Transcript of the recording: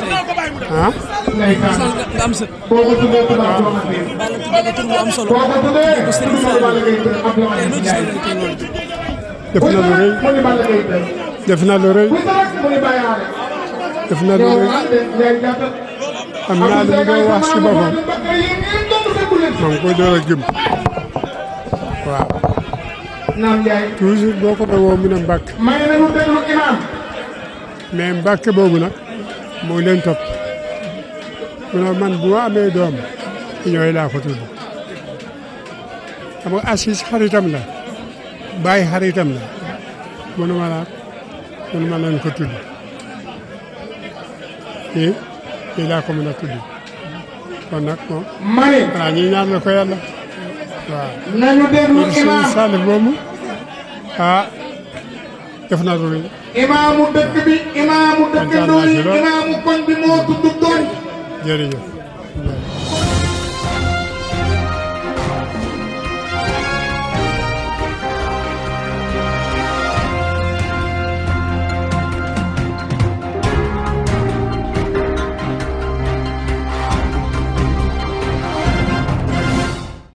ah. am am solo. tuddee def na lu def na lu def na lu rëy. am naa lu ñu wax si boppam. maa ngi koy door a gëm. waaw. toujours boo ko doon woo mu ne Mbacke. mais Mbacke boobu nag. moo leen topp mu man bu ma amee doom ñooy laa ko tudd xam nga Assis xaritam la Baye xaritam la mënu ma laa mënu ma leen ko tudd kii kii laa ko mën a tudd kon nag moom. ma ne ñii ñaan na ko yàlla waaw. nañu déglu imaam Sall moomu ah def na loolu. imaamu dëkk bi imaamu dëkk jërëjëf